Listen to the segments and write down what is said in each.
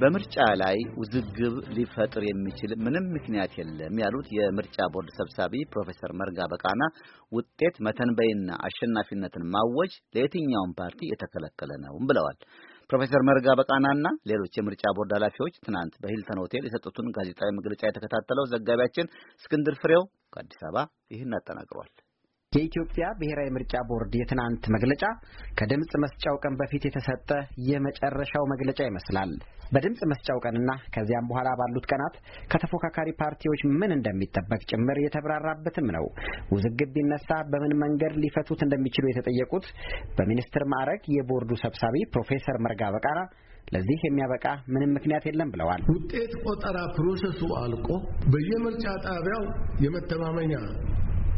በምርጫ ላይ ውዝግብ ሊፈጥር የሚችል ምንም ምክንያት የለም ያሉት የምርጫ ቦርድ ሰብሳቢ ፕሮፌሰር መርጋ በቃና ውጤት መተንበይና አሸናፊነትን ማወጅ ለየትኛውም ፓርቲ የተከለከለ ነውም ብለዋል። ፕሮፌሰር መርጋ በቃናና ሌሎች የምርጫ ቦርድ ኃላፊዎች ትናንት በሂልተን ሆቴል የሰጡትን ጋዜጣዊ መግለጫ የተከታተለው ዘጋቢያችን እስክንድር ፍሬው ከአዲስ አበባ ይህን አጠናቅሯል። የኢትዮጵያ ብሔራዊ ምርጫ ቦርድ የትናንት መግለጫ ከድምፅ መስጫው ቀን በፊት የተሰጠ የመጨረሻው መግለጫ ይመስላል። በድምፅ መስጫው ቀንና ከዚያም በኋላ ባሉት ቀናት ከተፎካካሪ ፓርቲዎች ምን እንደሚጠበቅ ጭምር የተብራራበትም ነው። ውዝግብ ቢነሳ በምን መንገድ ሊፈቱት እንደሚችሉ የተጠየቁት በሚኒስትር ማዕረግ የቦርዱ ሰብሳቢ ፕሮፌሰር መርጋ በቃና ለዚህ የሚያበቃ ምንም ምክንያት የለም ብለዋል። ውጤት ቆጠራ ፕሮሰሱ አልቆ በየምርጫ ጣቢያው የመተማመኛ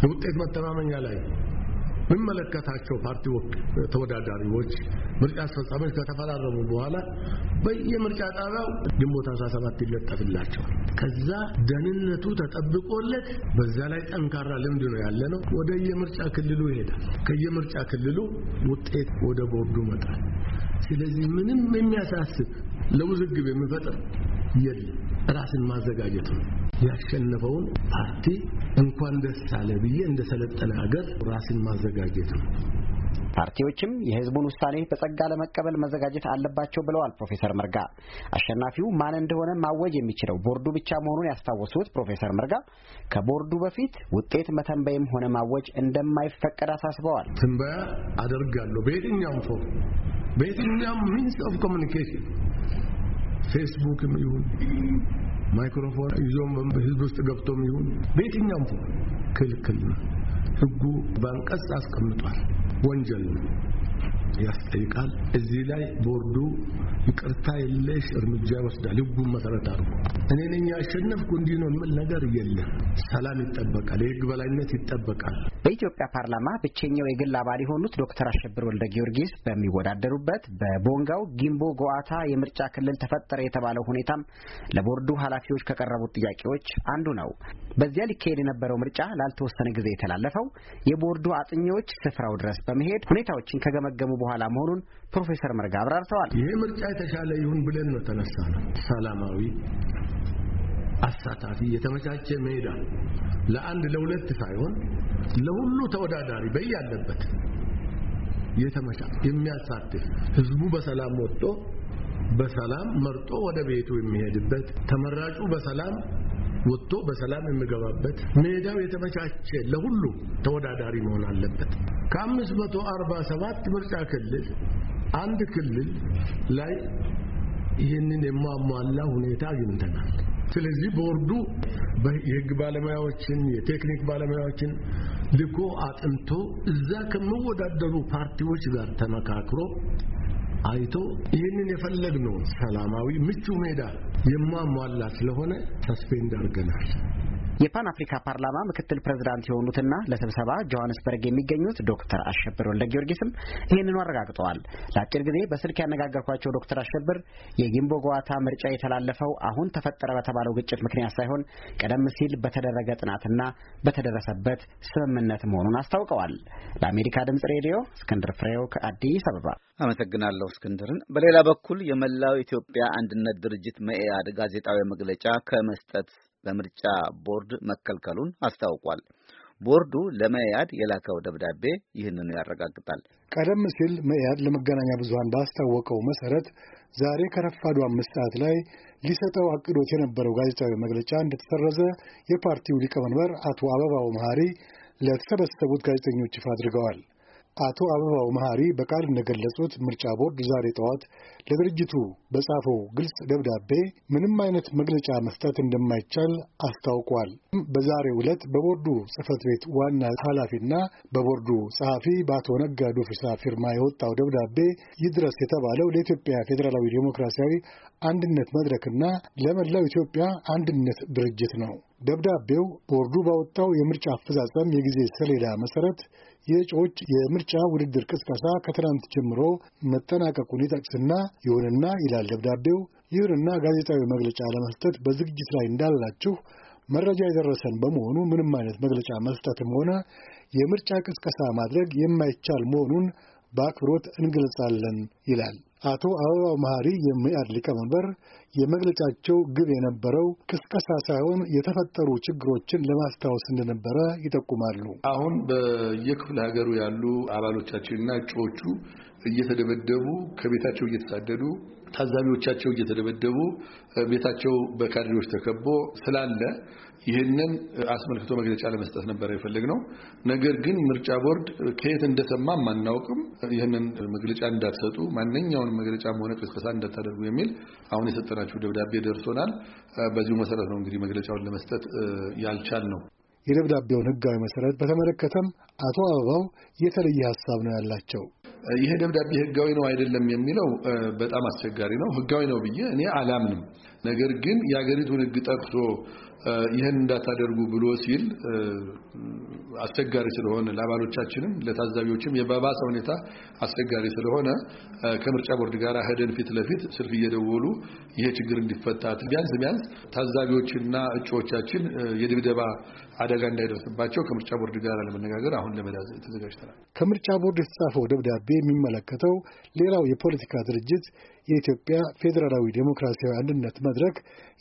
የውጤት መተማመኛ ላይ የሚመለከታቸው ፓርቲዎች ተወዳዳሪዎች፣ ምርጫ አስፈጻሚዎች ከተፈራረሙ በኋላ በየምርጫ ጣቢያው ግንቦት 17 ይለጠፍላቸዋል። ከዛ ደህንነቱ ተጠብቆለት በዛ ላይ ጠንካራ ልምድ ነው ያለ ነው። ወደ የምርጫ ክልሉ ይሄዳል። ከየምርጫ ክልሉ ውጤት ወደ ቦርዱ መጣል። ስለዚህ ምንም የሚያሳስብ ለውዝግብ የሚፈጥር የለም። ራስን ማዘጋጀት ነው። ያሸነፈውን ፓርቲ እንኳን ደስ አለ ብዬ እንደ ሰለጠነ ሀገር ራስን ማዘጋጀት ነው። ፓርቲዎችም የህዝቡን ውሳኔ በጸጋ ለመቀበል መዘጋጀት አለባቸው ብለዋል ፕሮፌሰር መርጋ። አሸናፊው ማን እንደሆነ ማወጅ የሚችለው ቦርዱ ብቻ መሆኑን ያስታወሱት ፕሮፌሰር መርጋ ከቦርዱ በፊት ውጤት መተንበይም ሆነ ማወጅ እንደማይፈቀድ አሳስበዋል። ትንበያ አደርጋለሁ በየትኛውም ፎ በየትኛውም ሚንስ ኦፍ ኮሚኒኬሽን ፌስቡክም ይሁን ማይክሮፎን ይዞም ህዝብ ውስጥ ገብቶም ይሁን በየትኛውም ክልክል ነው። ህጉ በአንቀጽ አስቀምጧል። ወንጀል ነው። ያስጠይቃል። እዚህ ላይ ቦርዱ ይቅርታ የለሽ እርምጃ ይወስዳል። ህጉን መሰረት አድርጎ እኔ ነኝ ያሸነፍኩ እንዲህ ነው የምል ነገር የለም። ሰላም ይጠበቃል፣ የህግ በላይነት ይጠበቃል። በኢትዮጵያ ፓርላማ ብቸኛው የግል አባል የሆኑት ዶክተር አሸብር ወልደ ጊዮርጊስ በሚወዳደሩበት በቦንጋው ጊምቦ ጎዋታ የምርጫ ክልል ተፈጠረ የተባለው ሁኔታም ለቦርዱ ኃላፊዎች ከቀረቡት ጥያቄዎች አንዱ ነው። በዚያ ሊካሄድ የነበረው ምርጫ ላልተወሰነ ጊዜ የተላለፈው የቦርዱ አጥኚዎች ስፍራው ድረስ በመሄድ ሁኔታዎችን ከገመገሙ በኋላ መሆኑን ፕሮፌሰር መርጋ አብራርተዋል። ይሄ ምርጫ የተሻለ ይሁን ብለን ነው ተነሳ ነው ሰላማዊ፣ አሳታፊ፣ የተመቻቸ ሜዳ ለአንድ ለሁለት ሳይሆን ለሁሉ ተወዳዳሪ በያለበት የተመቻ የሚያሳትፍ ህዝቡ በሰላም ወጥቶ በሰላም መርጦ ወደ ቤቱ የሚሄድበት ተመራጩ በሰላም ወጥቶ በሰላም የሚገባበት ሜዳው የተመቻቸ ለሁሉ ተወዳዳሪ መሆን አለበት። ከአምስት መቶ አርባ ሰባት ምርጫ ክልል አንድ ክልል ላይ ይህንን የማሟላ ሁኔታ አግኝተናል። ስለዚህ ቦርዱ የህግ ባለሙያዎችን የቴክኒክ ባለሙያዎችን ልኮ አጥንቶ እዛ ከሚወዳደሩ ፓርቲዎች ጋር ተመካክሮ አይቶ ይህንን የፈለግነውን ሰላማዊ ምቹ ሜዳ የማሟላ ስለሆነ ሰስፔንድ አድርገናል። የፓን አፍሪካ ፓርላማ ምክትል ፕሬዝዳንት የሆኑትና ለስብሰባ ጆሃንስበርግ የሚገኙት ዶክተር አሸብር ወልደ ጊዮርጊስም ይህንኑ አረጋግጠዋል። ለአጭር ጊዜ በስልክ ያነጋገርኳቸው ዶክተር አሸብር የጊምቦ ጓዋታ ምርጫ የተላለፈው አሁን ተፈጠረ በተባለው ግጭት ምክንያት ሳይሆን ቀደም ሲል በተደረገ ጥናትና በተደረሰበት ስምምነት መሆኑን አስታውቀዋል። ለአሜሪካ ድምጽ ሬዲዮ እስክንድር ፍሬው ከአዲስ አበባ አመሰግናለሁ። እስክንድርን። በሌላ በኩል የመላው ኢትዮጵያ አንድነት ድርጅት መኢአድ ጋዜጣዊ መግለጫ ከመስጠት ለምርጫ ቦርድ መከልከሉን አስታውቋል። ቦርዱ ለመያድ የላከው ደብዳቤ ይህንኑ ያረጋግጣል። ቀደም ሲል መያድ ለመገናኛ ብዙሃን ባስታወቀው መሰረት ዛሬ ከረፋዱ አምስት ሰዓት ላይ ሊሰጠው አቅዶት የነበረው ጋዜጣዊ መግለጫ እንደተሰረዘ የፓርቲው ሊቀመንበር አቶ አበባው መሐሪ ለተሰበሰቡት ጋዜጠኞች ይፋ አድርገዋል። አቶ አበባው መሐሪ በቃል እንደገለጹት ምርጫ ቦርድ ዛሬ ጠዋት ለድርጅቱ በጻፈው ግልጽ ደብዳቤ ምንም አይነት መግለጫ መስጠት እንደማይቻል አስታውቋል። በዛሬው ዕለት በቦርዱ ጽህፈት ቤት ዋና ኃላፊና በቦርዱ ጸሐፊ በአቶ ነጋ ዶፊሳ ፊርማ የወጣው ደብዳቤ ይድረስ የተባለው ለኢትዮጵያ ፌዴራላዊ ዴሞክራሲያዊ አንድነት መድረክና ለመላው ኢትዮጵያ አንድነት ድርጅት ነው። ደብዳቤው ቦርዱ ባወጣው የምርጫ አፈጻጸም የጊዜ ሰሌዳ መሰረት የእጩዎች የምርጫ ውድድር ቅስቀሳ ከትናንት ጀምሮ መጠናቀቁን ይጠቅስና ይሁንና ይላል ደብዳቤው፣ ይሁንና ጋዜጣዊ መግለጫ ለመስጠት በዝግጅት ላይ እንዳላችሁ መረጃ የደረሰን በመሆኑ ምንም አይነት መግለጫ መስጠትም ሆነ የምርጫ ቅስቀሳ ማድረግ የማይቻል መሆኑን በአክብሮት እንገልጻለን ይላል። አቶ አበባው መሐሪ የመኢአድ ሊቀመንበር የመግለጫቸው ግብ የነበረው ቅስቀሳ ሳይሆን የተፈጠሩ ችግሮችን ለማስታወስ እንደነበረ ይጠቁማሉ። አሁን በየክፍለ ሀገሩ ያሉ አባሎቻችንና እጩዎቹ እየተደበደቡ ከቤታቸው እየተሳደዱ ታዛቢዎቻቸው እየተደበደቡ ቤታቸው በካድሬዎች ተከቦ ስላለ ይህንን አስመልክቶ መግለጫ ለመስጠት ነበር የፈለግነው። ነገር ግን ምርጫ ቦርድ ከየት እንደሰማም አናውቅም፣ ይህንን መግለጫ እንዳትሰጡ፣ ማንኛውን መግለጫ መሆነ ቅስቀሳ እንዳታደርጉ የሚል አሁን የሰጠናችሁ ደብዳቤ ደርሶናል። በዚሁ መሰረት ነው እንግዲህ መግለጫውን ለመስጠት ያልቻል ነው። የደብዳቤውን ሕጋዊ መሰረት በተመለከተም አቶ አበባው የተለየ ሀሳብ ነው ያላቸው። ይሄ ደብዳቤ ህጋዊ ነው አይደለም የሚለው በጣም አስቸጋሪ ነው። ህጋዊ ነው ብዬ እኔ አላምንም። ነገር ግን የሀገሪቱን ህግ ጠቅሶ ይህን እንዳታደርጉ ብሎ ሲል አስቸጋሪ ስለሆነ ለአባሎቻችንም ለታዛቢዎችም የባባሰ ሁኔታ አስቸጋሪ ስለሆነ ከምርጫ ቦርድ ጋር ሄደን ፊት ለፊት ስልክ እየደወሉ ይሄ ችግር እንዲፈታ ቢያንስ ቢያንስ ታዛቢዎችና እጩዎቻችን የድብደባ አደጋ እንዳይደርስባቸው ከምርጫ ቦርድ ጋር ለመነጋገር አሁን ለመዳዝ ተዘጋጅተናል። ከምርጫ ቦርድ የተጻፈው ደብዳቤ የሚመለከተው ሌላው የፖለቲካ ድርጅት የኢትዮጵያ ፌዴራላዊ ዴሞክራሲያዊ አንድነት መድረክ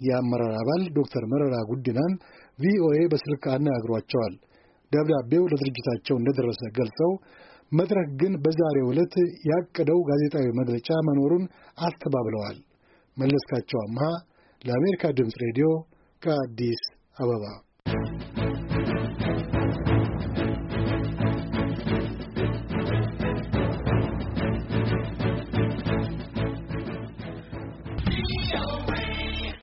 የአመራር አባል ዶክተር መረራ ጉዲናን ቪኦኤ በስልክ አነጋግሯቸዋል። ደብዳቤው ለድርጅታቸው እንደደረሰ ገልጸው መድረክ ግን በዛሬው ዕለት ያቀደው ጋዜጣዊ መግለጫ መኖሩን አስተባብለዋል። መለስካቸው አምሃ ለአሜሪካ ድምፅ ሬዲዮ ከአዲስ አበባ